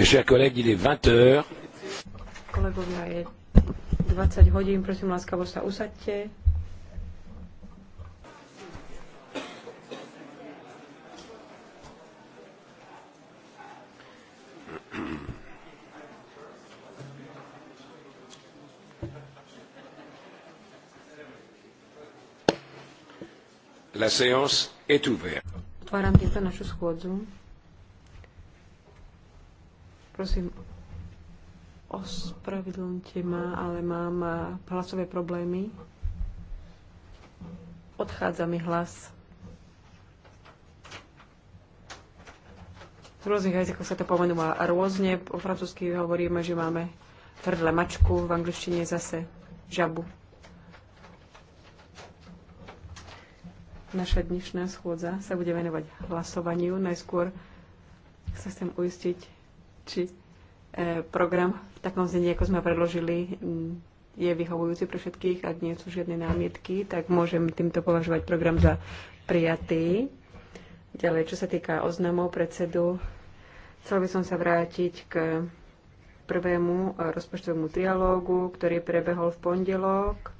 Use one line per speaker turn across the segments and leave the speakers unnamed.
Mes chers collègues, il est 20 heures.
Kolegovia, je 20 hodín, prosím láskavo sa usaďte.
La séance est ouverte.
Otváram týmto našu schôdzu. Prosím, ospravedlňte ma, ale mám eh, hlasové problémy. Odchádza mi hlas. V rôznych jazykoch sa to pomenúva rôzne. Po francúzsky hovoríme, že máme hrdle mačku, v angličtine zase žabu. Naša dnešná schôdza sa bude venovať hlasovaniu. Najskôr sa chcem uistiť, či E, program v takom znení, ako sme ho predložili, mm, je vyhovujúci pre všetkých. Ak nie sú žiadne námietky, tak môžem týmto považovať program za prijatý. Ďalej, čo sa týka oznamov predsedu, chcel by som sa vrátiť k prvému e, rozpočtovému trialógu, ktorý prebehol v pondelok,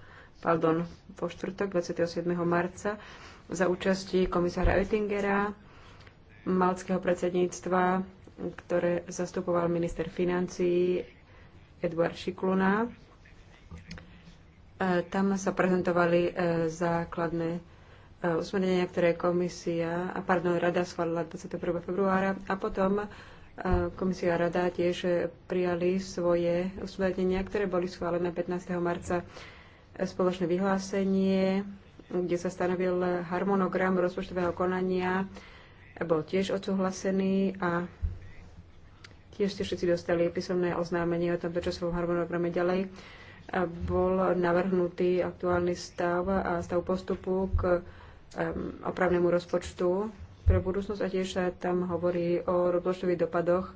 pardon, po štvrtok 27. marca za účasti komisára Oettingera, malckého predsedníctva, ktoré zastupoval minister financií Edward Šikluna. E, tam sa prezentovali e, základné e, usmernenia, ktoré komisia, a pardon, rada schválila 21. februára a potom komisia a rada tiež prijali svoje usmernenia, ktoré boli schválené 15. marca spoločné vyhlásenie, kde sa stanovil harmonogram rozpočtového konania, bol tiež odsúhlasený a Tiež ste všetci dostali písomné oznámenie o tomto časovom harmonograme ďalej. A bol navrhnutý aktuálny stav a stav postupu k opravnému rozpočtu pre budúcnosť a tiež sa tam hovorí o rozpočtových dopadoch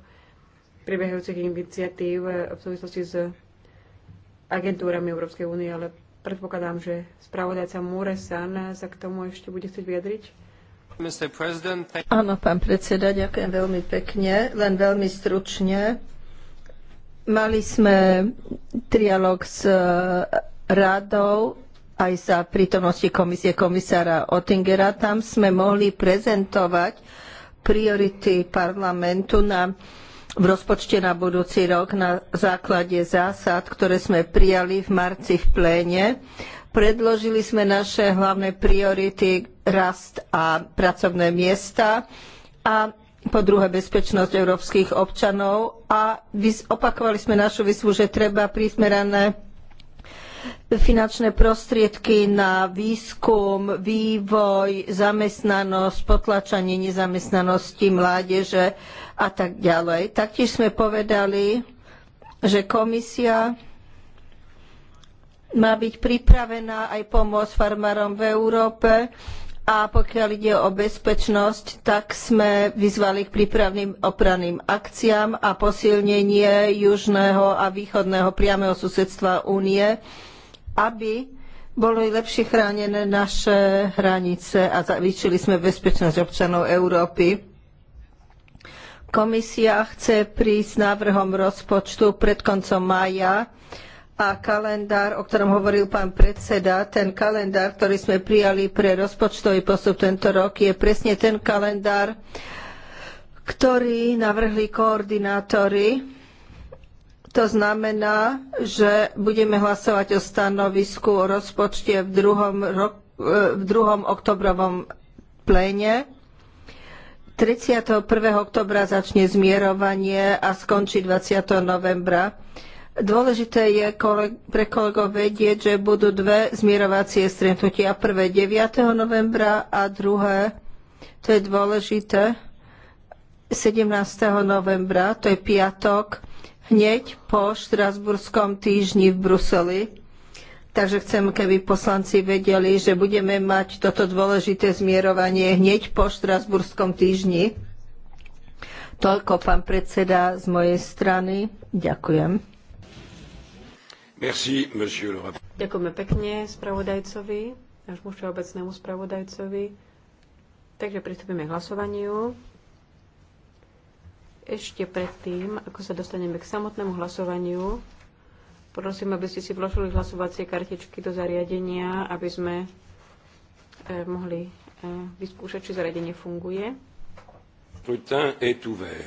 prebiehajúcich iniciatív v súvislosti s agentúrami Európskej únie, ale predpokladám, že spravodajca Muresan sa k tomu ešte bude chcieť
vyjadriť. Áno, pán predseda, ďakujem veľmi pekne, len veľmi stručne. Mali sme trialog s e, radou aj za prítomnosti komisie komisára Ottingera. Tam sme mohli prezentovať priority parlamentu na, v rozpočte na budúci rok na základe zásad, ktoré sme prijali v marci v pléne. Predložili sme naše hlavné priority rast a pracovné miesta a po druhé bezpečnosť európskych občanov a opakovali sme našu výzvu, že treba prísmerané finančné prostriedky na výskum, vývoj, zamestnanosť, potlačanie nezamestnanosti mládeže a tak ďalej. Taktiež sme povedali, že komisia má byť pripravená aj pomôcť farmárom v Európe a pokiaľ ide o bezpečnosť, tak sme vyzvali k prípravným opraným akciám a posilnenie južného a východného priameho susedstva únie, aby boli lepšie chránené naše hranice a zvýšili sme bezpečnosť občanov Európy. Komisia chce prísť s návrhom rozpočtu pred koncom mája a kalendár, o ktorom hovoril pán predseda, ten kalendár, ktorý sme prijali pre rozpočtový postup tento rok, je presne ten kalendár, ktorý navrhli koordinátori. To znamená, že budeme hlasovať o stanovisku o rozpočte v druhom, rok, v druhom oktobrovom pléne. 31. oktobra začne zmierovanie a skončí 20. novembra. Dôležité je pre kolegov vedieť, že budú dve zmierovacie stretnutia. Prvé 9. novembra a druhé, to je dôležité, 17. novembra, to je piatok, hneď po Štrasburskom týždni v Bruseli. Takže chcem, keby poslanci vedeli, že budeme mať toto dôležité zmierovanie hneď po Štrasburskom týždni. Toľko, pán predseda, z mojej strany. Ďakujem.
Merci, monsieur le
Ďakujeme
pekne spravodajcovi, nášmu všeobecnému spravodajcovi. Takže pristúpime k hlasovaniu. Ešte predtým, ako sa dostaneme k samotnému hlasovaniu, prosím, aby ste si vložili hlasovacie kartičky do zariadenia, aby sme eh, mohli eh, vyskúšať, či zariadenie funguje.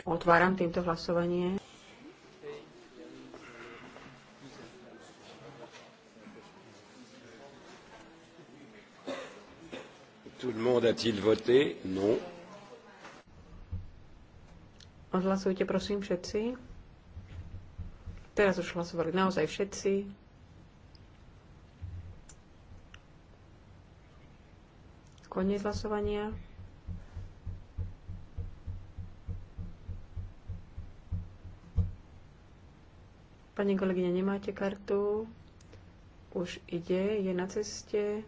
Otváram týmto hlasovanie.
Tout le monde a-t-il voté? Non.
Odhlasujte prosím všetci. Teraz už hlasovali naozaj všetci. Koniec hlasovania. Pani kolegyňa, nemáte kartu? Už ide, je na ceste.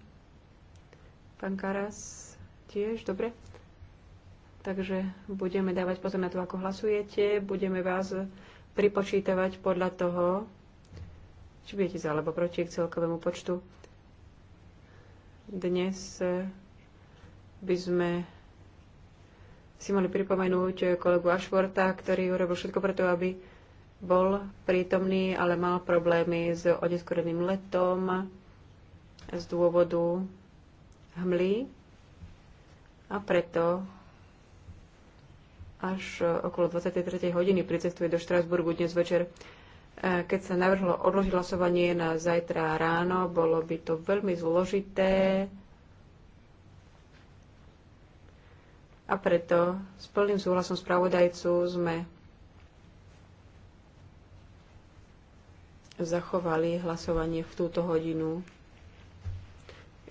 Pán Karas tiež, dobre. Takže budeme dávať pozor na to, ako hlasujete. Budeme vás pripočítavať podľa toho, či budete za alebo proti k celkovému počtu. Dnes by sme si mali pripomenúť kolegu Ašvorta, ktorý urobil všetko preto, aby bol prítomný, ale mal problémy s odeskoreným letom z dôvodu hmly a preto až okolo 23. hodiny pricestuje do Štrasburgu dnes večer. E, keď sa navrhlo odložiť hlasovanie na zajtra ráno, bolo by to veľmi zložité a preto s plným súhlasom spravodajcu sme zachovali hlasovanie v túto hodinu.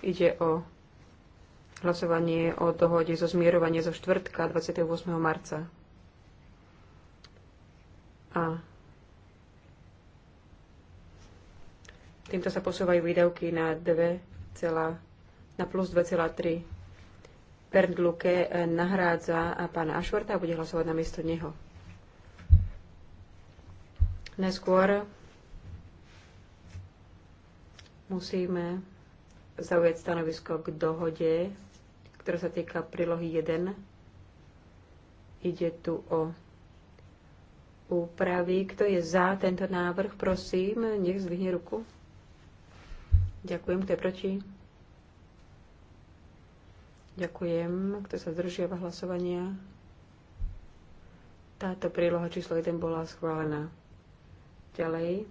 Ide o hlasovanie o dohode zo zmierovania zo štvrtka 28. marca. A týmto sa posúvajú výdavky na 2, na plus 2,3. Bernd Luke eh, nahrádza a pána Ašvarta a bude hlasovať na miesto neho. Neskôr musíme zaujať stanovisko k dohode ktorá sa týka prílohy 1. Ide tu o úpravy. Kto je za tento návrh, prosím, nech zvihne ruku. Ďakujem. Kto je proti? Ďakujem. Kto sa zdržiava hlasovania? Táto príloha číslo 1 bola schválená. Ďalej.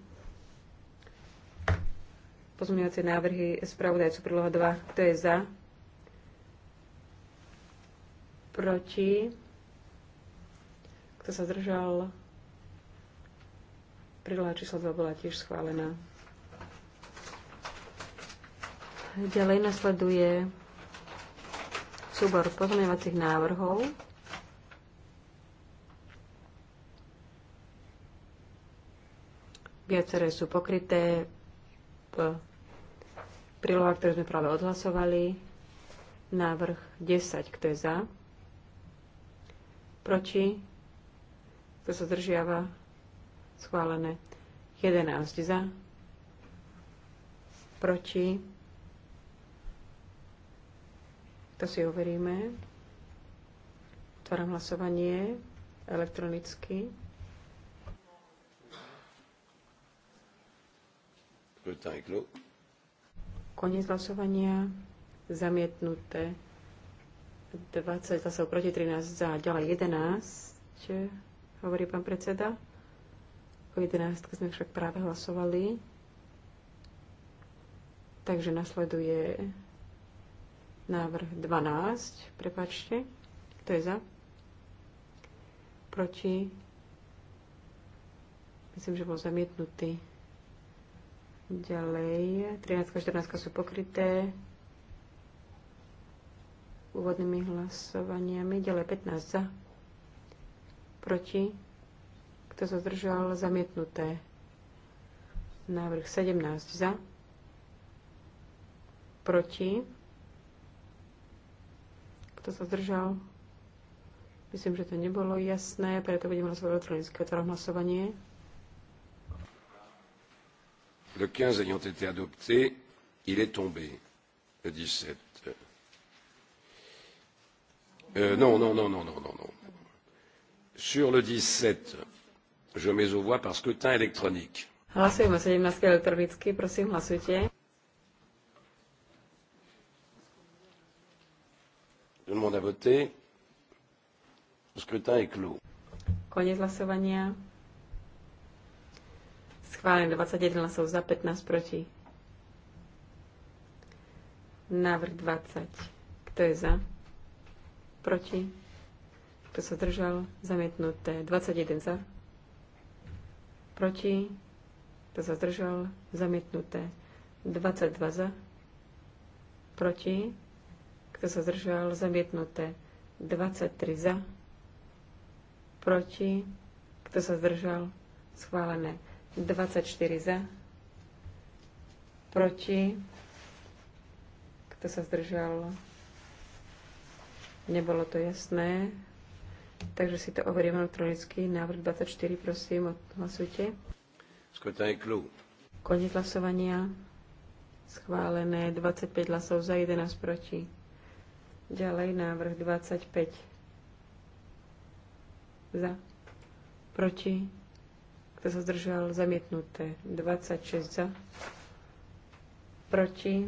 Pozmeňovacie návrhy spravodajcu príloha 2. Kto je za? proti, kto sa zdržal, príloha číslo 2 bola tiež schválená. Ďalej nasleduje súbor pozmeňovacích návrhov. Viaceré sú pokryté v prílohách, ktoré sme práve odhlasovali. Návrh 10, kto je za? proti, kto sa zdržiava, schválené. 11 za, proti, to si overíme. Otváram hlasovanie elektronicky. Konec hlasovania. Zamietnuté. 20 hlasov proti 13 za, ďalej 11, hovorí pán predseda. Po 11 sme však práve hlasovali. Takže nasleduje návrh 12, prepačte. Kto je za? Proti? Myslím, že bol zamietnutý. Ďalej, 13 a 14 sú pokryté úvodnými hlasovaniami. Ďalej 15 za, proti, kto sa zdržal, zamietnuté. Návrh 17 za, proti, kto sa zdržal, Myslím, že to nebolo jasné, preto budeme hlasovať elektronické. Otváram hlasovanie.
Le 15 ayant été adopté, il est tombé. Le 17. Euh, non, non, non, non, non, non, non. Sur le 17, je mets aux voix par scrutin électronique.
Hlasujeme 17 elektronicky, prosím, hlasujte.
Je demande à voter. Le scrutin est clos.
Koniec hlasovania. Schválené 21 hlasov za, 15 proti. Návrh 20. Kto je za? proti, kto sa zdržal, zamietnuté 21 za, proti, kto sa zdržal, zamietnuté 22 za, proti, kto sa zdržal, zamietnuté 23 za, proti, kto sa zdržal, schválené 24 za, proti, kto sa zdržal, Nebolo to jasné, takže si to overím elektronicky. Návrh 24, prosím, hlasujte. Koniec hlasovania. Schválené 25 hlasov za, 11 proti. Ďalej návrh 25. Za. Proti. Kto sa zdržal? Zamietnuté. 26 za. Proti.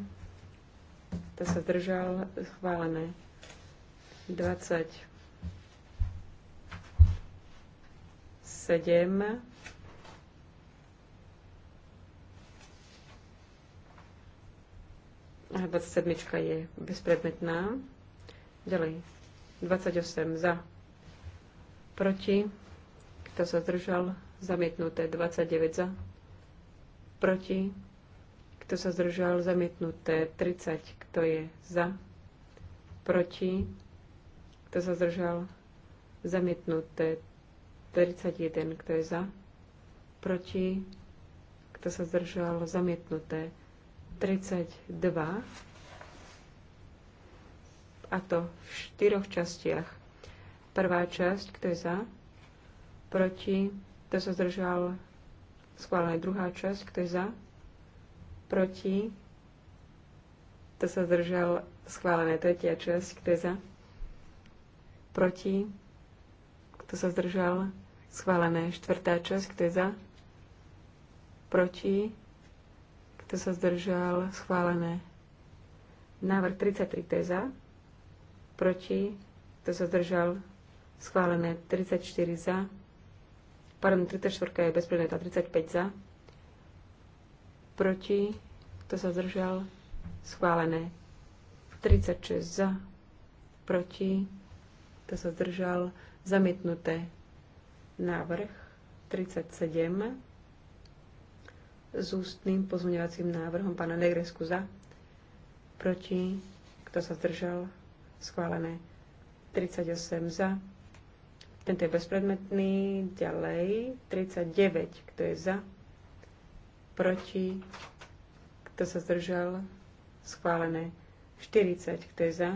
Kto sa zdržal? Schválené. 27 a 27 je bezpredmetná. Ďalej. 28 za. Proti. Kto sa zdržal? Zamietnuté. 29 za. Proti. Kto sa zdržal? Zamietnuté. 30. Kto je za? Proti. Kto sa zdržal? Zamietnuté 41. Kto je za? Proti? Kto sa zdržal? Zamietnuté 32. A to v štyroch častiach. Prvá časť, kto je za? Proti? Kto sa zdržal? schválené druhá časť, kto je za? Proti? Kto sa zdržal? schválené tretia časť, kto je za? proti, kto sa zdržal, schválené. Štvrtá časť, kto je za, proti, kto sa zdržal, schválené. Návrh 33, kto je za, proti, kto sa zdržal, schválené. 34 za, pardon, 34 je bezpredmetná, 35 za, proti, kto sa zdržal, schválené. 36 za, proti, to sa zdržal, zamietnuté. Návrh 37 s ústnym pozmeňovacím návrhom pána Negresku za, proti, kto sa zdržal, schválené 38 za. Tento je bezpredmetný. Ďalej 39, kto je za, proti, kto sa zdržal, schválené 40, kto je za,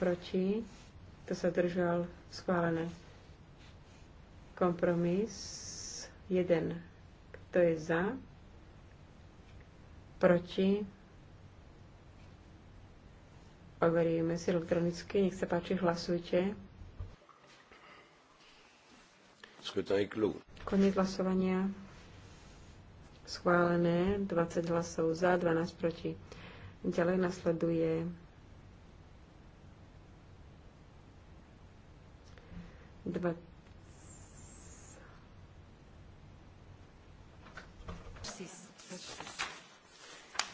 proti, to sa držal Schválené. Kompromis 1. Kto je za? Proti? Overíme si elektronicky. Nech sa páči, hlasujte. Koniec hlasovania. Schválené. 20 hlasov za, 12 proti. Ďalej nasleduje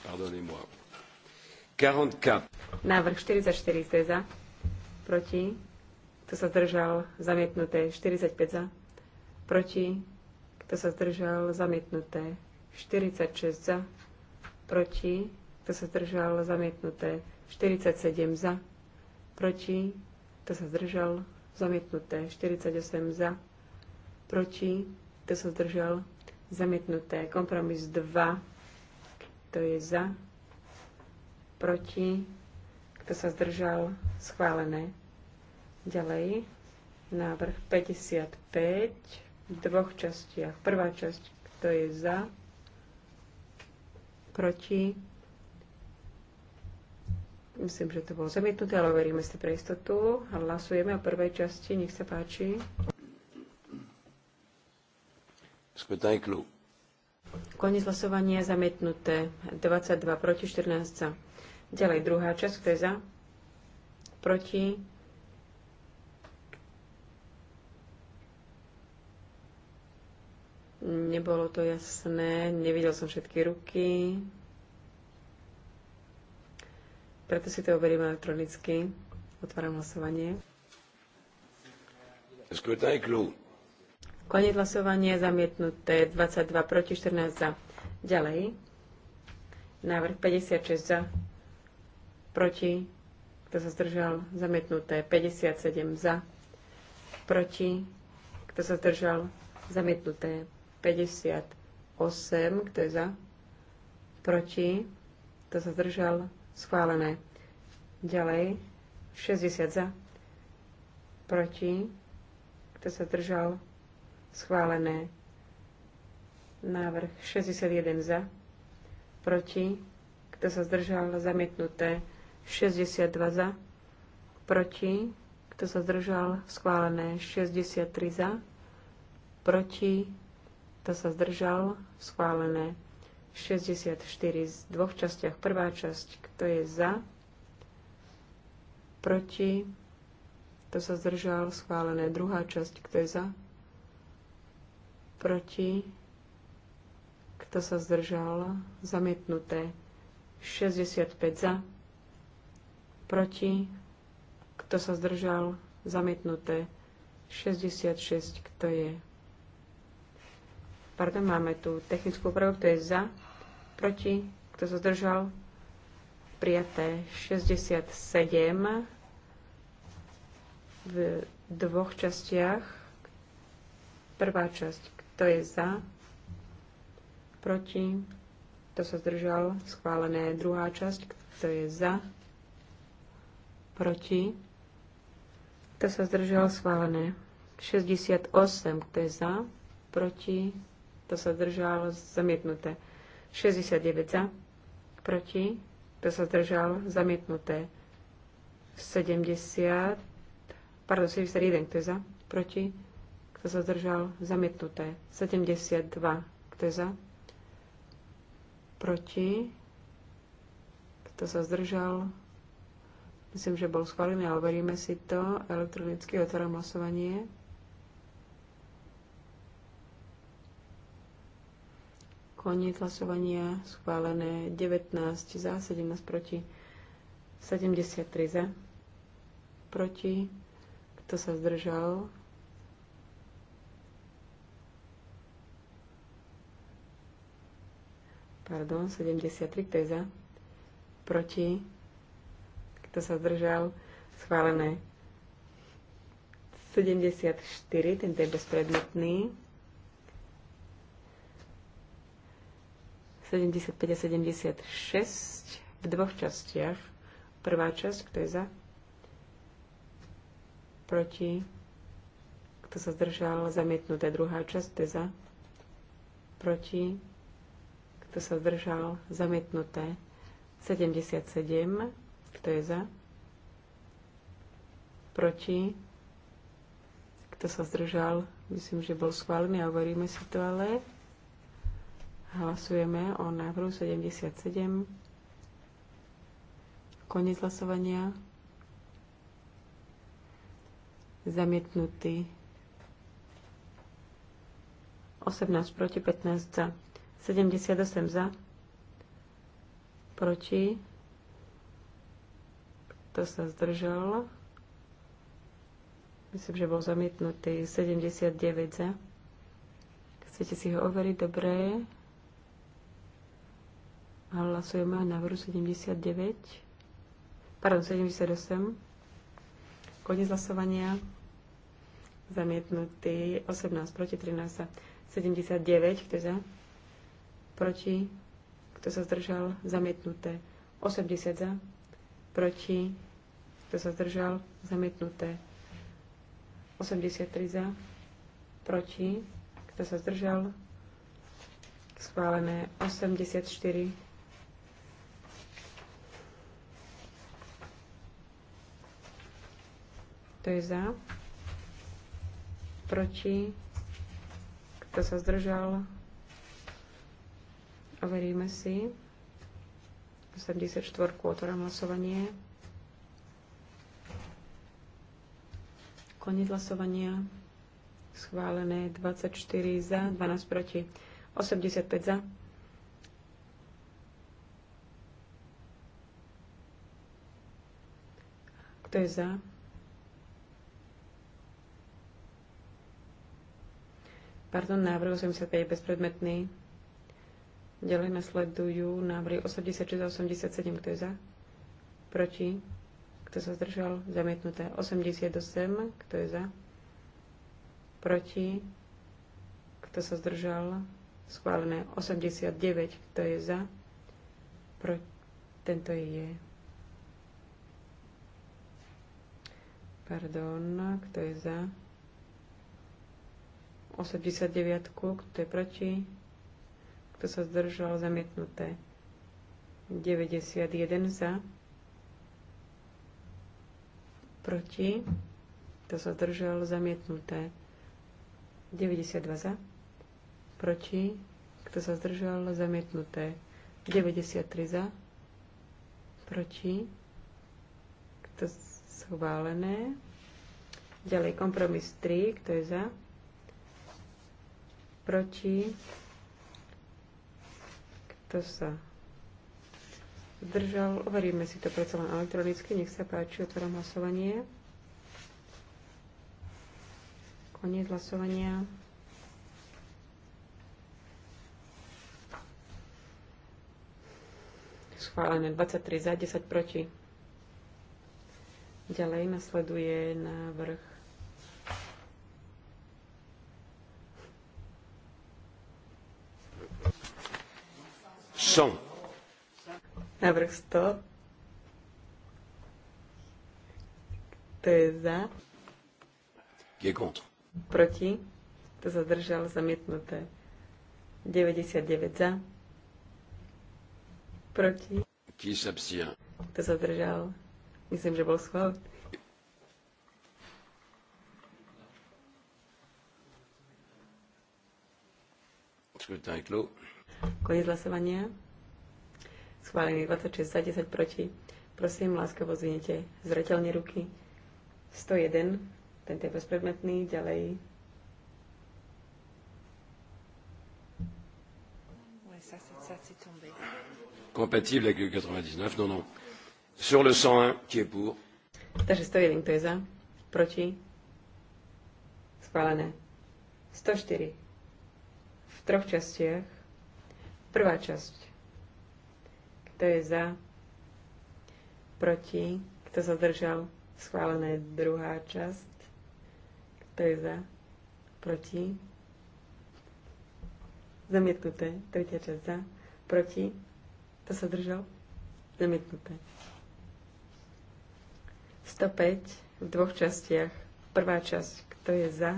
Pardonnez-moi. 44.
Návrh 44 za. Proti. Kto sa zdržal? Zamietnuté. 45 za. Proti. Kto sa zdržal? Zamietnuté. 46 za. Proti. Kto sa zdržal? Zamietnuté. 47 za. Proti. Kto sa zdržal? zamietnuté 48 za, proti, kto sa zdržal, zamietnuté kompromis 2, kto je za, proti, kto sa zdržal, schválené. Ďalej, návrh 55 v dvoch častiach. Prvá časť, kto je za, proti, Myslím, že to bolo zamietnuté, ale overíme si pre istotu. Hlasujeme o prvej časti, nech sa páči.
Skvetajklu.
Koniec hlasovania zamietnuté. 22 proti 14 za. Ďalej druhá časť, kto je za? Proti? Nebolo to jasné, nevidel som všetky ruky. Preto si to overím elektronicky. Otváram hlasovanie. Koniec hlasovania zamietnuté 22 proti 14 za. Ďalej. Návrh 56 za. Proti. Kto sa zdržal? Zamietnuté 57 za. Proti. Kto sa zdržal? Zamietnuté 58. Kto je za? Proti. Kto sa zdržal? Schválené. Ďalej. 60 za. Proti. Kto sa držal? Schválené. Návrh 61 za. Proti. Kto sa zdržal? Zamietnuté. 62 za. Proti. Kto sa zdržal? Schválené. 63 za. Proti. Kto sa zdržal? Schválené. 64 z dvoch častiach. Prvá časť, kto je za, proti, kto sa zdržal, schválené. Druhá časť, kto je za, proti, kto sa zdržal, zamietnuté. 65 za, proti, kto sa zdržal, zamietnuté. 66, kto je Pardon, máme tu technickú opravu, kto je za, proti, kto sa zdržal, prijaté 67 v dvoch častiach. Prvá časť, kto je za, proti, kto sa zdržal, schválené druhá časť, kto je za, proti, kto sa zdržal, schválené 68, kto je za, proti, to sa zdržalo zamietnuté. 69 za, proti, to sa zdržalo zamietnuté. 70, pardon, 71, kto je za, proti, kto sa zdržal, zamietnuté. 72, kto je za, proti, kto sa zdržal, myslím, že bol schválený, ale veríme si to. Elektronicky otváram hlasovanie. Koniec hlasovania schválené 19 za, 17 proti, 73 za, proti, kto sa zdržal. Pardon, 73, kto je za, proti, kto sa zdržal, schválené 74, tento je bezpredmetný. 75 a 76 v dvoch častiach. Prvá časť, kto je za? Proti? Kto sa zdržal? Zamietnuté. Druhá časť, kto je za? Proti? Kto sa zdržal? Zamietnuté. 77. Kto je za? Proti? Kto sa zdržal? Myslím, že bol schválený a hovoríme si to ale. Hlasujeme o návrhu 77. Konec hlasovania. Zamietnutý. 18 proti 15 za. 78 za. Proti. Kto sa zdržal? Myslím, že bol zamietnutý 79 za. Chcete si ho overiť? Dobre. Hlasujeme o návrhu 79. Pardon, 78. Koniec hlasovania. Zamietnutý 18 proti 13. 79. Kto je za? Proti. Kto sa zdržal? Zamietnuté. 80 za. Proti. Kto sa zdržal? Zamietnuté. 83 za. Proti. Kto sa zdržal? Schválené 84 kto je za, proti, kto sa zdržal, overíme si. 84. otvorám hlasovanie. Koniec hlasovania. Schválené 24 za, 12 proti, 85 za. Kto je za? Pardon, návrh 85 je bezpredmetný. Ďalej nasledujú návrhy 86 a 87. Kto je za? Proti? Kto sa zdržal? Zamietnuté. 88. Kto je za? Proti? Kto sa zdržal? Schválené. 89. Kto je za? Pro... Tento je... Pardon. Kto je za? 89, kto je proti, kto sa zdržal, zamietnuté. 91 za, proti, kto sa zdržal, zamietnuté. 92 za, proti, kto sa zdržal, zamietnuté. 93 za, proti, kto schválené. Ďalej kompromis 3, kto je za, proti, kto sa zdržal. Overíme si to predsa len elektronicky. Nech sa páči, otváram hlasovanie. Koniec hlasovania. Schválené 23 za, 10 proti. Ďalej nasleduje návrh 100. Návrh 100. Kto je za? Qui est contre? Proti? Kto zadržal? zdržal? Zamietnuté. 99 za. Proti?
Qui s'abstient?
Kto zadržal? Myslím, že bol schvál.
Scrutin clos.
Koniec hlasovania. Schválený 26 za 10 proti. Prosím, láskavo zvinite zretelne ruky. 101, tento je bezpredmetný, ďalej.
Compatible avec le 99, non, non. Sur le 101, qui est pour
Takže 101, to je za? Proti? Schválené. 104. V troch častiach. Prvá časť kto je za? Proti? Kto sa zdržal? Schválené druhá časť. Kto je za? Proti? Zamietnuté. Tretia časť za. Proti? Kto sa zdržal? Zamietnuté. 105 v dvoch častiach. Prvá časť, kto je za,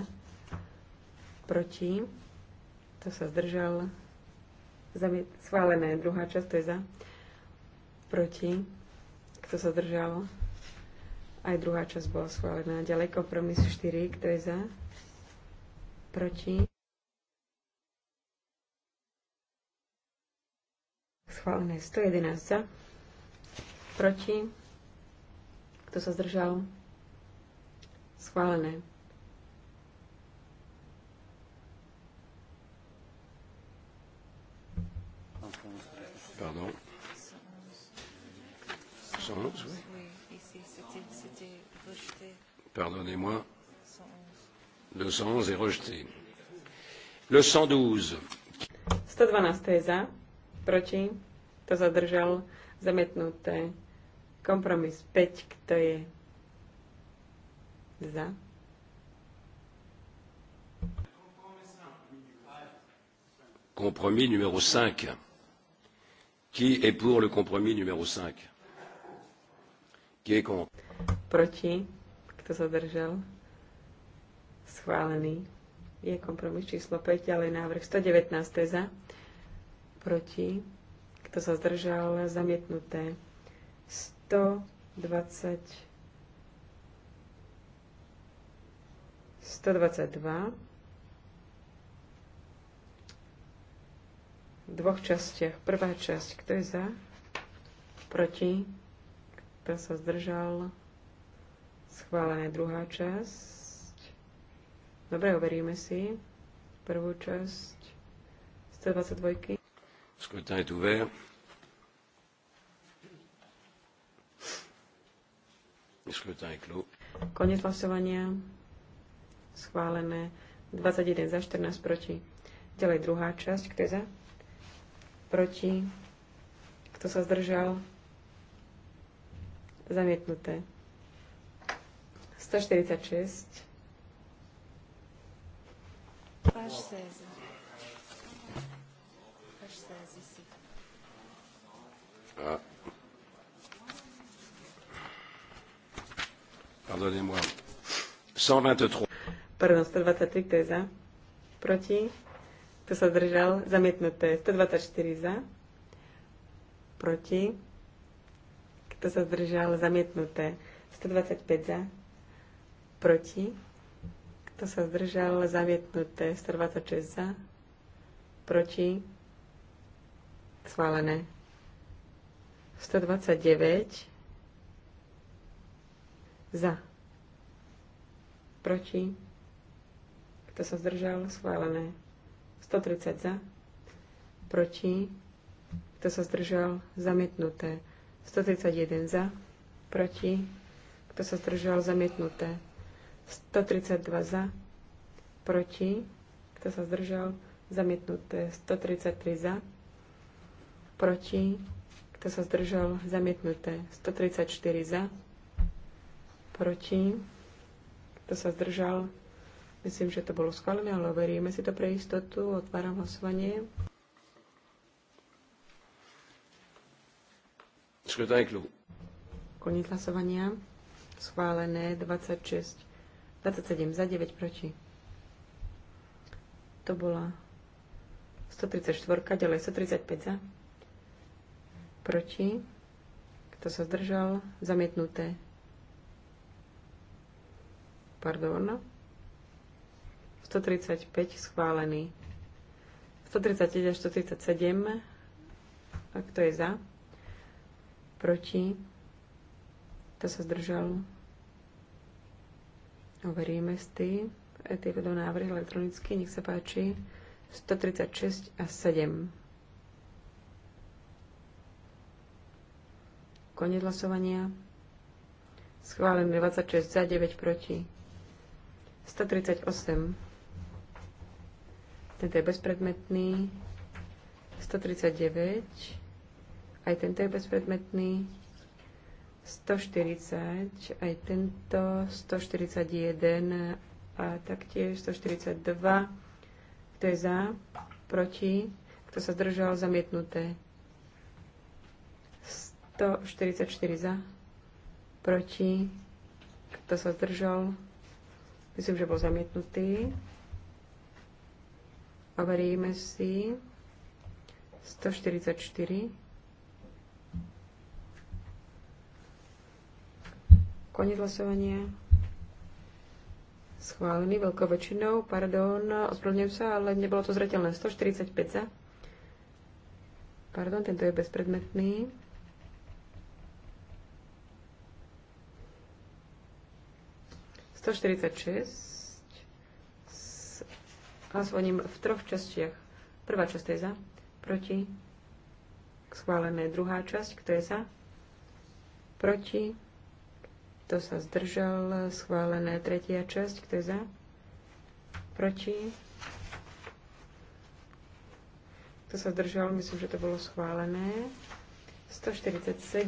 proti, to sa zdržal, schválené. Druhá časť, to je za, proti, kto sa držal. Aj druhá časť bola schválená. Ďalej kompromis 4, kto je za, proti. Schválené 111 za, proti, kto sa zdržal. Schválené.
Pardon.
111, oui. Pardonnez-moi. 211 est rejeté. Le 112.
112 je za, proti, to zadržal, zametnuté. Kompromis 5, kto je za?
Kompromis numéro 5. Qui est pour le compromis numéro 5
Proti? Kto sa držal? Schválený. Je kompromis číslo 5, ale návrh 119 za. Proti? Kto sa zdržal? Zamietnuté. 120 122 v dvoch častiach. Prvá časť, kto je za? Proti? Kto sa zdržal? Schválené druhá časť. Dobre, overíme si prvú časť 122.
Scrutin est ouvert. Scrutin est
Konec hlasovania. Schválené. 21 za 14 proti. Ďalej druhá časť. Kto je za? Proti. Kto sa zdržal? Zamietnuté. 146. Páž 16.
Páž Pardonnez-moi. 123.
Pardon, 123, kto je za? Proti? Kto sa zdržal? Zamietnuté. 124 za. Proti? Kto sa zdržal? Zamietnuté. 125 za. Proti. Kto sa zdržal? Zamietnuté. 126 za. Proti. Schválené. 129 za. Proti. Kto sa zdržal? Schválené. 130 za. Proti. Kto sa zdržal? Zamietnuté. 131 za, proti, kto sa zdržal, zamietnuté. 132 za, proti, kto sa zdržal, zamietnuté. 133 za, proti, kto sa zdržal, zamietnuté. 134 za, proti, kto sa zdržal, Myslím, že to bolo schválené, ale overíme si to pre istotu. Otváram hlasovanie. Koniec hlasovania. Schválené 26. 27 za 9 proti. To bola 134, ďalej 135 za. Proti. Kto sa zdržal? Zamietnuté. Pardon. 135 schválený. 131 až 137. A kto je za? proti, to sa zdržal. Overíme s tým e, tieto návrhy elektronicky, nech sa páči, 136 a 7. Konec hlasovania. Schválené 26 za, 9 proti. 138. Tento je bezpredmetný. 139. Aj tento je bezpredmetný. 140, aj tento 141 a taktiež 142. Kto je za? Proti? Kto sa zdržal? Zamietnuté. 144 za. Proti? Kto sa zdržal? Myslím, že bol zamietnutý. Overíme si. 144. koniec hlasovania. Schválený veľkou väčšinou, pardon, ospravedlňujem sa, ale nebolo to zretelné. 145 za. Pardon, tento je bezpredmetný. Sto hlasovaním v troch častiach. Prvá časť je za, proti, schválené druhá časť, kto je za, proti, kto sa zdržal? Schválené tretia časť. Kto je za? Proti? Kto sa zdržal? Myslím, že to bolo schválené. 147.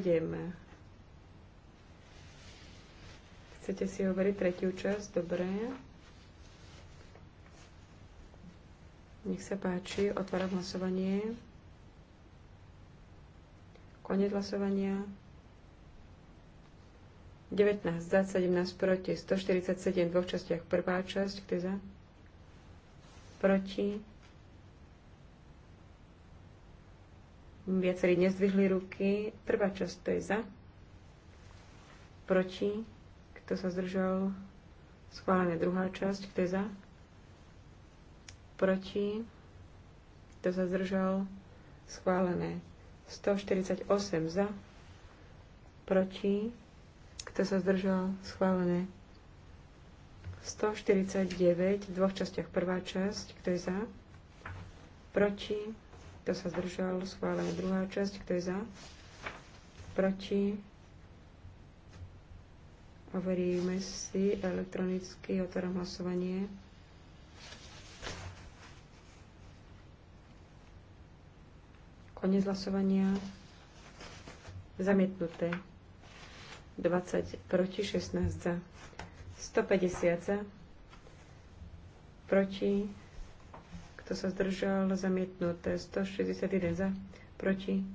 Chcete si overiť tretiu časť? Dobre. Nech sa páči, otváram hlasovanie. Konec hlasovania. 19 za, 17 proti, 147 v dvoch častiach. Prvá časť, kde za? Proti. Viacerí nezdvihli ruky. Prvá časť, to je za. Proti. Kto sa zdržal? Schválené druhá časť, kto je za? Proti. Kto sa zdržal? Schválené. 148 za. Proti kto sa zdržal? Schválené. 149 v dvoch častiach. Prvá časť, kto je za? Proti? Kto sa zdržal? Schválené. Druhá časť, kto je za? Proti? Overíme si elektronicky, otváram hlasovanie. Konec hlasovania. Zamietnuté. 20 proti 16 za. 150 za. Proti. Kto sa zdržal? Zamietnuté. 161 za. Proti.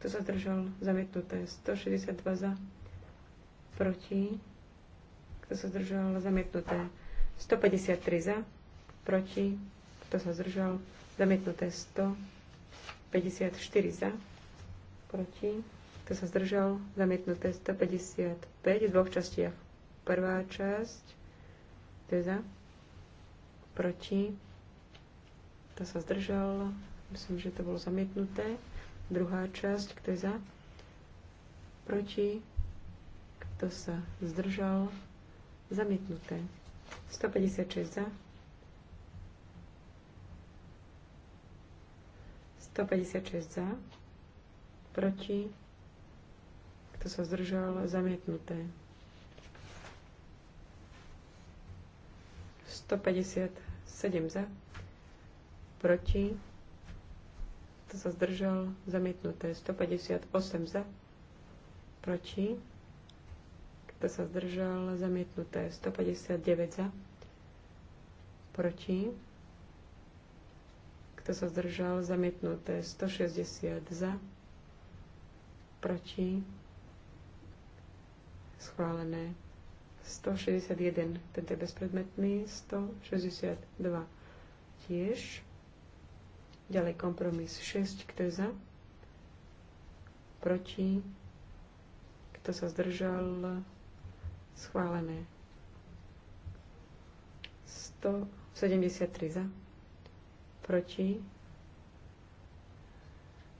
Kto sa zdržal? Zamietnuté. 162 za. Proti. Kto sa zdržal? Zamietnuté. 153 za. Proti. Kto sa zdržal? Zamietnuté. 154 za. Proti. Kto sa zdržal? Zamietnuté 155 v dvoch častiach. Prvá časť. Kto je za? Proti. Kto sa zdržal? Myslím, že to bolo zamietnuté. Druhá časť. Kto je za? Proti. Kto sa zdržal? Zamietnuté. 156 za. 156 za. Proti kto sa zdržal? Zamietnuté. 157 za. Proti. Kto sa zdržal? Zamietnuté. 158 za. Proti. Kto sa zdržal? Zamietnuté. 159 za. Proti. Kto sa zdržal? Zamietnuté. 160 za. Proti schválené. 161, tento je bezpredmetný, 162 tiež. Ďalej kompromis 6, kto je za? Proti? Kto sa zdržal? Schválené. 173 za. Proti?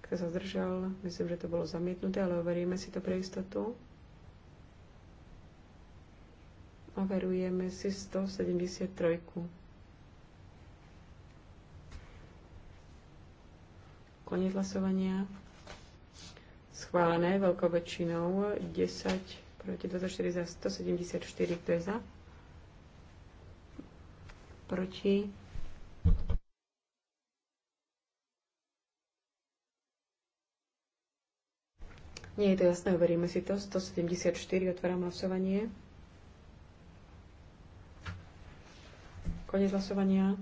Kto sa zdržal? Myslím, že to bolo zamietnuté, ale overíme si to pre istotu. Overujeme si 173. Koniec hlasovania. Schválené veľkou väčšinou 10 proti 24 za 174. Kto je za? Proti? Nie je to jasné, overíme si to. 174, otváram hlasovanie. Konec hlasovania.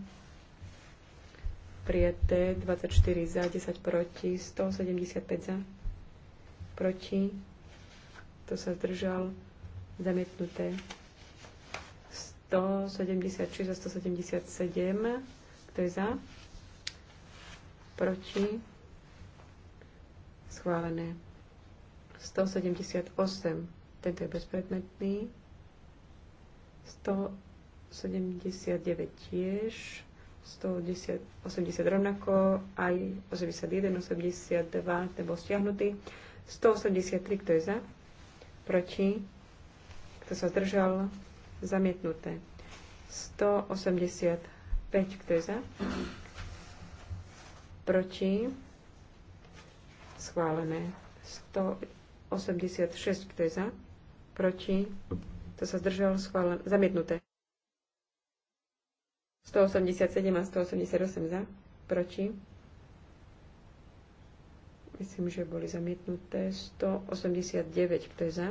Prijaté 24 za, 10 proti, 175 za, proti, to sa zdržal, zamietnuté 176 a 177, kto je za, proti, schválené 178, tento je bezpredmetný, 100 79 tiež, 110, 80 rovnako, aj 81, 82, ten bol stiahnutý. 183, kto je za? Proti? Kto sa zdržal? Zamietnuté. 185, kto je za? Proti? Schválené. 186, kto je za? Proti? Kto sa zdržal? Schválené. Zamietnuté. 187 a 188 za, proti. Myslím, že boli zamietnuté 189, kto je za,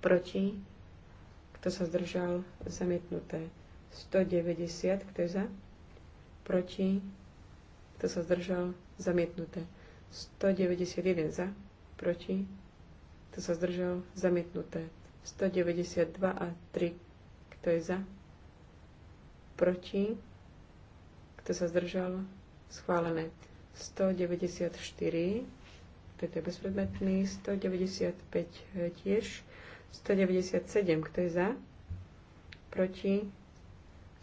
proti. Kto sa zdržal, zamietnuté 190, kto je za, proti. Kto sa zdržal, zamietnuté 191 za, proti. Kto sa zdržal, zamietnuté 192 a 3, kto je za, proti, kto sa zdržal, schválené. 194, toto je bezpredmetný, 195 e, tiež, 197, kto je za, proti,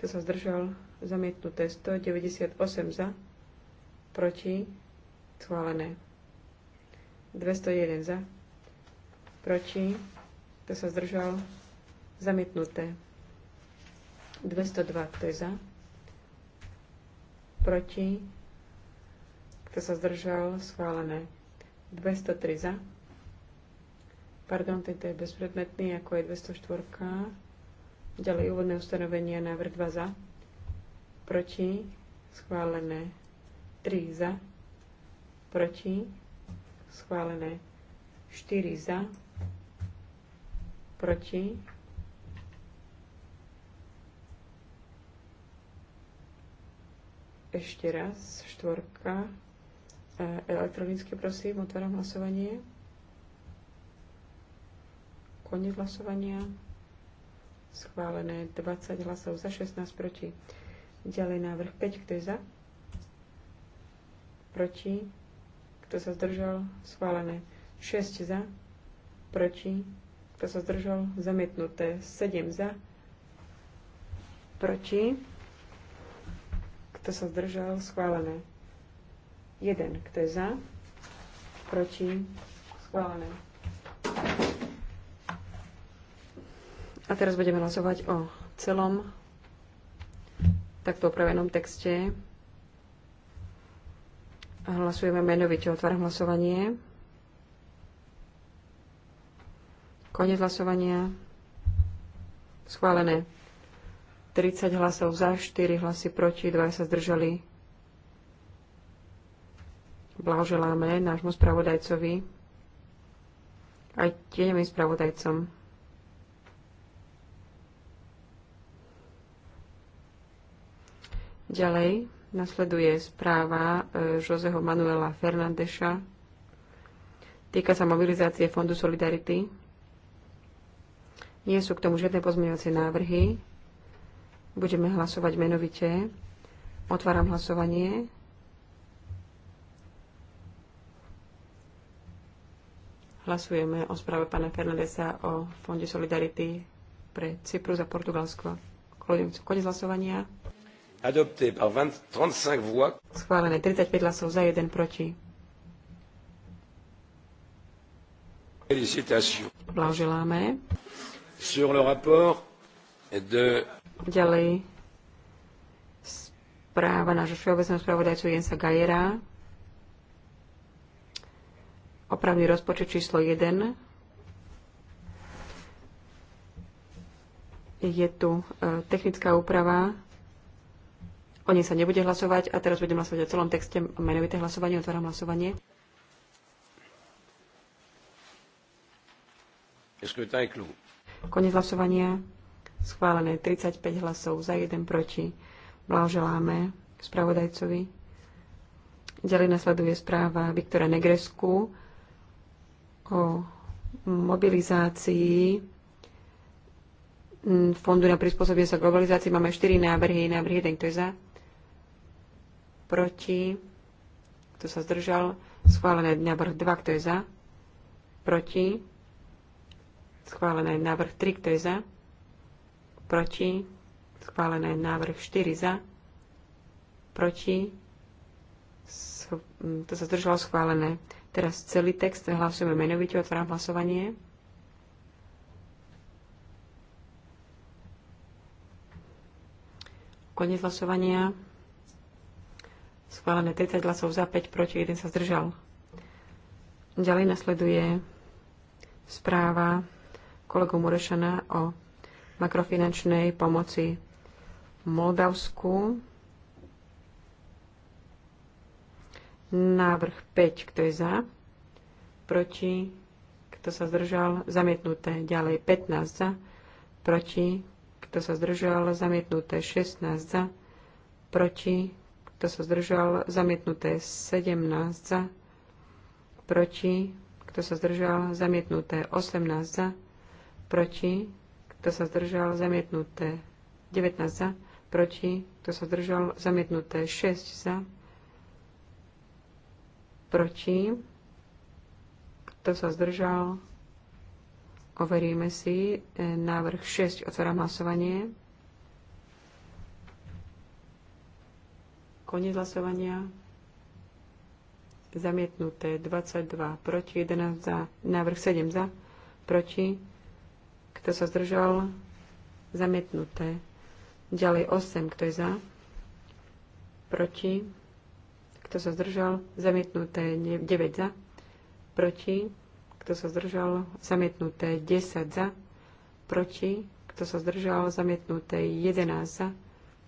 kto sa zdržal, zamietnuté, 198 za, proti, schválené. 201 za, proti, kto sa zdržal, zamietnuté. 202, teza je za? Proti? Kto sa zdržal? Schválené. 203 za. Pardon, tento je bezpredmetný, ako je 204. Ďalej úvodné ustanovenie, návrh 2 za. Proti? Schválené. 3 za. Proti? Schválené. 4 za. Proti? ešte raz, štvorka, e, elektronicky prosím, otváram hlasovanie. Koniec hlasovania. Schválené 20 hlasov za 16 proti. Ďalej návrh 5, kto je za? Proti. Kto sa zdržal? Schválené 6 za. Proti. Kto sa zdržal? Zamietnuté 7 za. Proti. Kto sa zdržal? Schválené. Jeden. Kto je za? Proti? Schválené. A teraz budeme hlasovať o celom takto opravenom texte. Hlasujeme menovite. Otváram hlasovanie. Konec hlasovania. Schválené. 30 hlasov za, 4 hlasy proti, 2 sa zdržali. Blahoželáme nášmu spravodajcovi aj tieňovým spravodajcom. Ďalej nasleduje správa e, Joseho Manuela Fernandeša. Týka sa mobilizácie Fondu Solidarity. Nie sú k tomu žiadne pozmeňovacie návrhy. Budeme hlasovať menovite. Otváram hlasovanie. Hlasujeme o správe pána Fernandesa o Fonde Solidarity pre Cyprus a Portugalsko. Konec hlasovania.
Adopté par 20, 35 voix.
Schválené 35 hlasov za, 1 proti.
Félicitations.
Blahoželáme.
Sur le rapport
Ďalej správa nášho všeobecného spravodajcu Jensa Gajera. Opravný rozpočet číslo 1. Je tu e, technická úprava. O nej sa nebude hlasovať a teraz budem hlasovať o celom texte. Menovité hlasovanie, otváram hlasovanie. Konec hlasovania. Schválené 35 hlasov za jeden proti. Blahoželáme spravodajcovi. Ďalej nasleduje správa Viktora Negresku o mobilizácii Fondu na prispôsobenie sa globalizácii. Máme 4 návrhy. Návrh 1, kto je za? Proti? Kto sa zdržal? Schválené návrh 2, kto je za? Proti? Schválené návrh 3, kto je za? proti, schválené návrh 4 za, proti, mm, to sa zdržalo schválené. Teraz celý text hlasujeme menovite, otváram hlasovanie. Konec hlasovania. Schválené 30 hlasov za, 5 proti, 1 sa zdržal. Ďalej nasleduje správa kolegu Murešana o makrofinančnej pomoci Moldavsku. Návrh 5, kto je za, proti, kto sa zdržal, zamietnuté. Ďalej 15 za, proti, kto sa zdržal, zamietnuté. 16 za, proti, kto sa zdržal, zamietnuté. 17 za, proti, kto sa zdržal, zamietnuté. 18 za, proti, kto sa zdržal, zamietnuté. 19 za, proti, kto sa zdržal, zamietnuté. 6 za, proti, kto sa zdržal, overíme si e, návrh 6, otváram hlasovanie. Koniec hlasovania. Zamietnuté 22 proti 11 za, návrh 7 za, proti kto sa zdržal? Zamietnuté. Ďalej 8. Kto je za? Proti. Kto sa zdržal? Zamietnuté 9 za. Proti. Kto sa zdržal? Zamietnuté 10 za. Proti. Kto sa zdržal? Zamietnuté 11 za.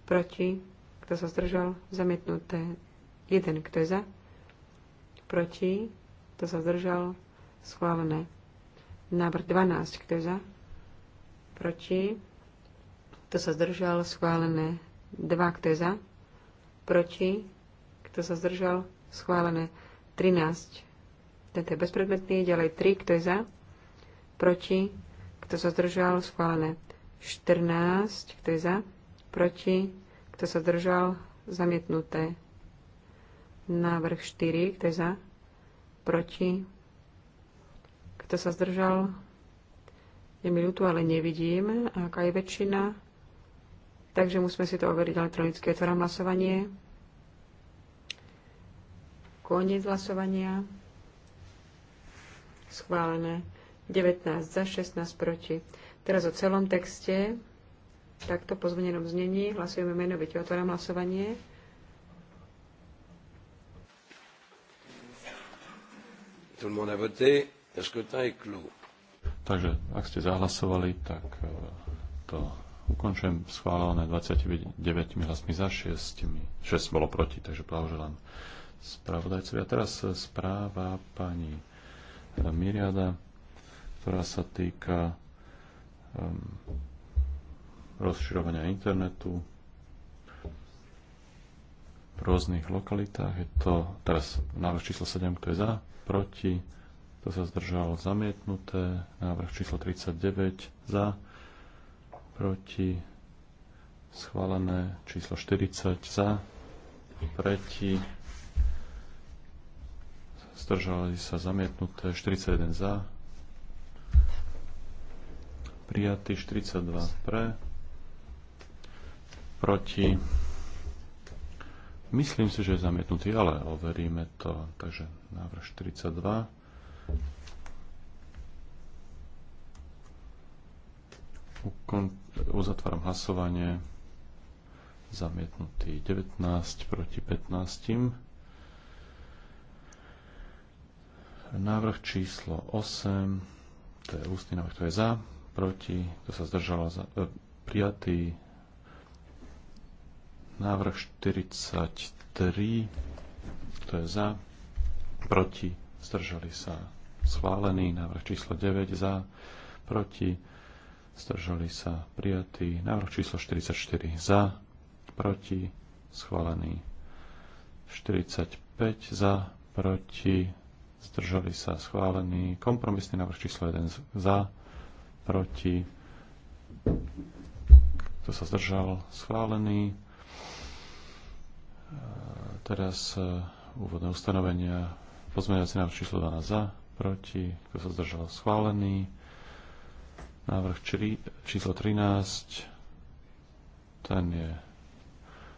Proti. Kto sa zdržal? Zamietnuté 1. Kto je za? Proti. Kto sa zdržal? Schválené. Návrh 12. Kto je za? proti, kto sa zdržal, schválené 2, kto je za, proti, kto sa zdržal, schválené 13, tento je bezpredmetný, ďalej 3, kto je za, proti, kto sa zdržal, schválené 14, kto je za, proti, kto sa zdržal, zamietnuté. Návrh 4, kto je za, proti, kto sa zdržal, je mi ľúto, ale nevidím, aká je väčšina. Takže musíme si to overiť elektronicky. Otváram hlasovanie. Koniec hlasovania. Schválené. 19 za, 16 proti. Teraz o celom texte, takto po zmenenom znení, hlasujeme menovite. Otváram hlasovanie.
Tout le monde a voté. Le scrutin est clos.
Takže ak ste zahlasovali, tak e, to ukončujem schválené 29 hlasmi za 6. 6 bolo proti, takže blahoželám spravodajcovi. A teraz e, správa pani e, Miriada, ktorá sa týka um, rozširovania internetu v rôznych lokalitách. Je to teraz návrh číslo 7, kto je za, proti, kto sa zdržal? Zamietnuté. Návrh číslo 39 za. Proti. Schválené. Číslo 40 za. Proti. Zdržali sa zamietnuté. 41 za. Prijatý 42 pre. Proti. Myslím si, že je zamietnutý, ale overíme to. Takže návrh 42. Uzatváram hlasovanie. Zamietnutý 19 proti 15. Návrh číslo 8, to je ústny návrh, to je za, proti, to sa zdržalo, za, e, prijatý. Návrh 43, to je za, proti, zdržali sa schválený. Návrh číslo 9 za, proti, zdržali sa, prijatý. Návrh číslo 44 za, proti, schválený. 45 za, proti, zdržali sa, schválený. Kompromisný návrh číslo 1 za, proti, kto sa zdržal, schválený. Teraz eh, úvodné ustanovenia, pozmeňovací návrh číslo 12 za, proti, kto sa zdržal schválený. Návrh čri, číslo 13, ten, je,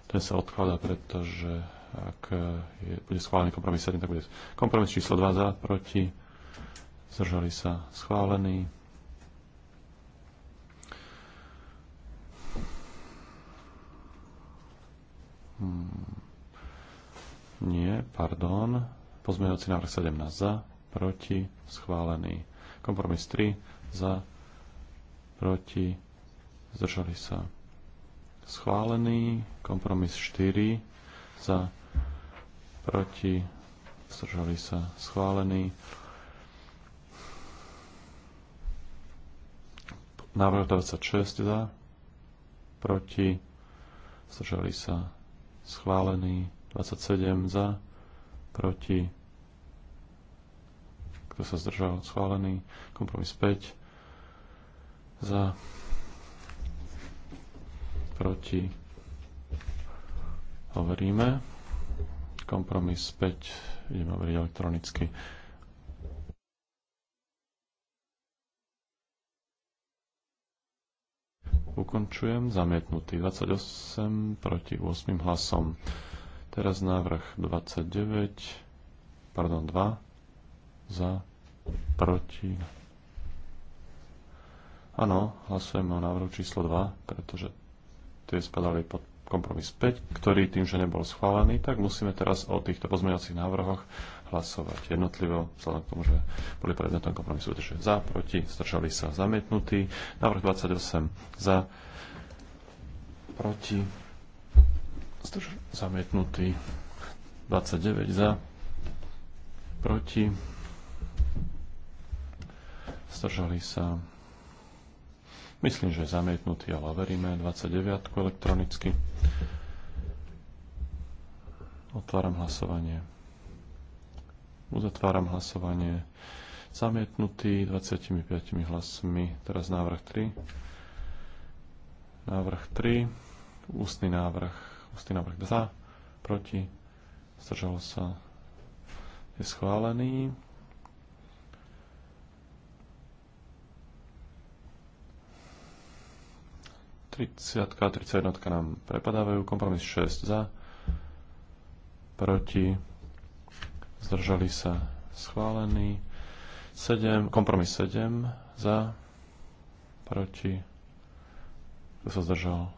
ten sa odkladá, pretože ak je, bude schválený kompromis 7, tak bude kompromis číslo 2 za, proti, zdržali sa schválený. Hmm. Nie, pardon. Pozmeňovací návrh 17 za, proti, schválený. Kompromis 3 za, proti, zdržali sa. Schválený. Kompromis 4 za, proti, zdržali sa. Schválený. Návrh 26 za, proti, zdržali sa. Schválený. 27 za, proti, kto sa zdržal, schválený. Kompromis 5 za, proti, overíme. Kompromis 5 ideme overiť elektronicky. Ukončujem. Zamietnutý 28 proti 8 hlasom. Teraz návrh 29, pardon 2, za, proti. Áno, hlasujeme o návrhu číslo 2, pretože tie spadali pod kompromis 5, ktorý tým, že nebol schválený, tak musíme teraz o týchto pozmeňovacích návrhoch hlasovať jednotlivo, vzhľadom k tomu, že boli predmetom kompromisu, takže za, proti, zdržali sa zamietnutí. Návrh 28 za, proti, zdrž, zamietnutý, 29 za, proti, Zdržali sa. Myslím, že je zamietnutý, ale veríme. 29 elektronicky. Otváram hlasovanie. Uzatváram hlasovanie. Zamietnutý 25 hlasmi. Teraz návrh 3. Návrh 3. Ústny návrh. Ústny návrh za. Proti. Zdržalo sa. Je schválený. 30 a 31 nám prepadávajú. Kompromis 6 za, proti, zdržali sa schválený. 7, kompromis 7 za, proti, kto sa zdržal,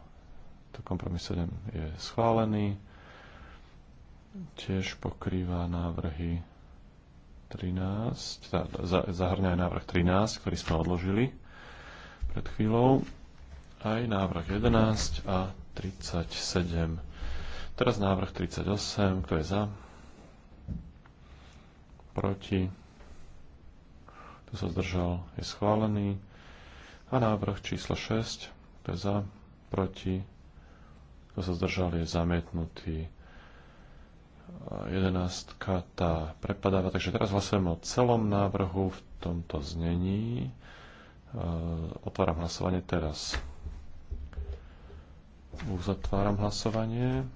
to kompromis 7 je schválený. Tiež pokrýva návrhy 13, zahrňa aj návrh 13, ktorý sme odložili pred chvíľou aj návrh 11 a 37. Teraz návrh 38, kto je za? Proti? Kto sa zdržal? Je schválený. A návrh číslo 6, kto je za? Proti? Kto sa zdržal? Je zamietnutý. 11 tá prepadáva. Takže teraz hlasujeme o celom návrhu v tomto znení. E, otváram hlasovanie teraz. Uzatváram hlasovanie.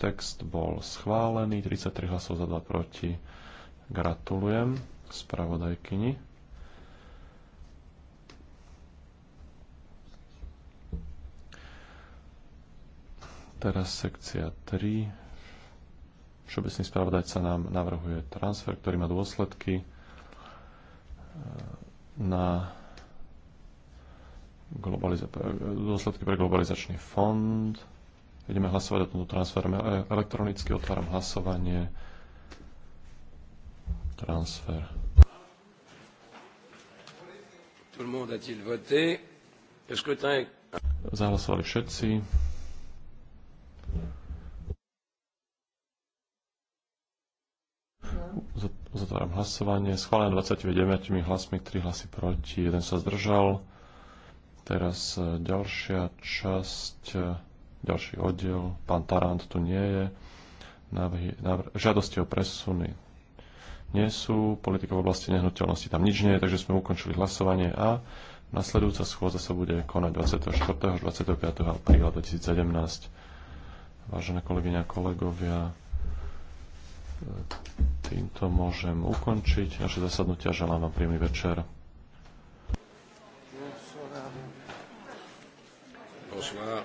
Text bol schválený. 33 hlasov za 2 proti. Gratulujem spravodajkyni. Teraz sekcia 3. Všeobecný spravodajca nám navrhuje transfer, ktorý má dôsledky eh, na globaliza- dôsledky pre globalizačný fond. Ideme hlasovať o tomto transfere elektronicky. Otváram hlasovanie. Transfer. Zahlasovali všetci. Zatváram hlasovanie. Schválené 29 hlasmi, 3 hlasy proti, 1 sa zdržal. Teraz e, ďalšia časť, e, ďalší oddiel. Pán Tarant tu nie je. Návrhy, návrh, žiadosti o presuny nie sú. Politika v oblasti nehnuteľnosti tam nič nie je, takže sme ukončili hlasovanie a nasledujúca schôdza sa bude konať 24. až 25. apríla 2017. Vážené kolegyne a kolegovia, e, týmto môžem ukončiť naše zasadnutia. Želám vám príjemný večer.
Bonsoir.